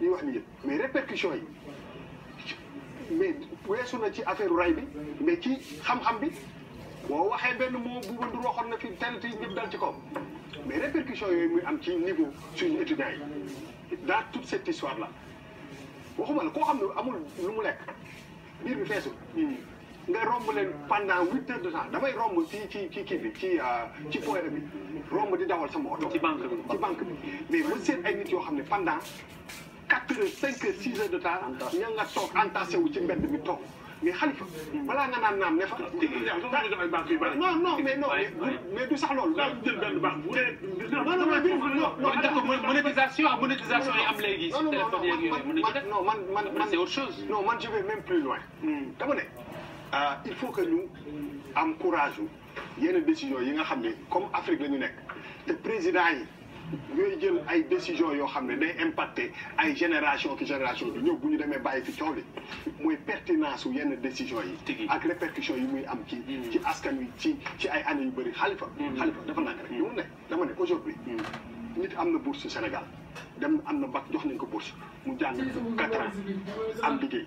ñuy wax nii mais répercussions yi mais weesu na ci affaire ray bi mais ci xam-xam bi boo waxee benn moo bu du waxoon na fi teel ci ñëpp dal ci kaw mais répercussions yooyu muy am ci niveau suñu étudiants yi dans toute cette histoire là waxuma la koo xam ne amul lu mu lekk biir bi feesul nga romb leen pendant huit heures de temps damay romb ci ci ci kii bi ci euh, ci foyer bi romb di dawal sama oto. ci banque bi ci banque bi mais ma seet ay nit yoo xam ne pendant. quatre heures cinq heures six heures de temps ña nga toog entassé wu ci mbedd mi toog mais xalifa balaa nga naan naam ne fa. non non mais non mais du sax loolu. daal jël benn baax bu dee. non non non monétisation monétisation yi am léegi. non non non man man man c'est autre chose. non man je vais même plus loin. Hmm. dama ne euh, il faut que ñu am courage yenn décision yi nga xam ne comme Afrique la ñu nekk te président yi. ñooy jël ay décision yoo xam ne day impacté ay génération ki génération bi ñëw bu ñu demee bàyyi fi coow li mooy pertinance wu yenn décision yi ak répercussion yi muy am ci hmm. ci askan wi ci ci ay année yu bëri xalifa hmm. xalifa dafa nang rek ñumu hmm. ne dama ne aujourd'hui nit am na bourse Sénégal dem am na bat jox nañ ko bourse mu jàng quatre ans am liggéey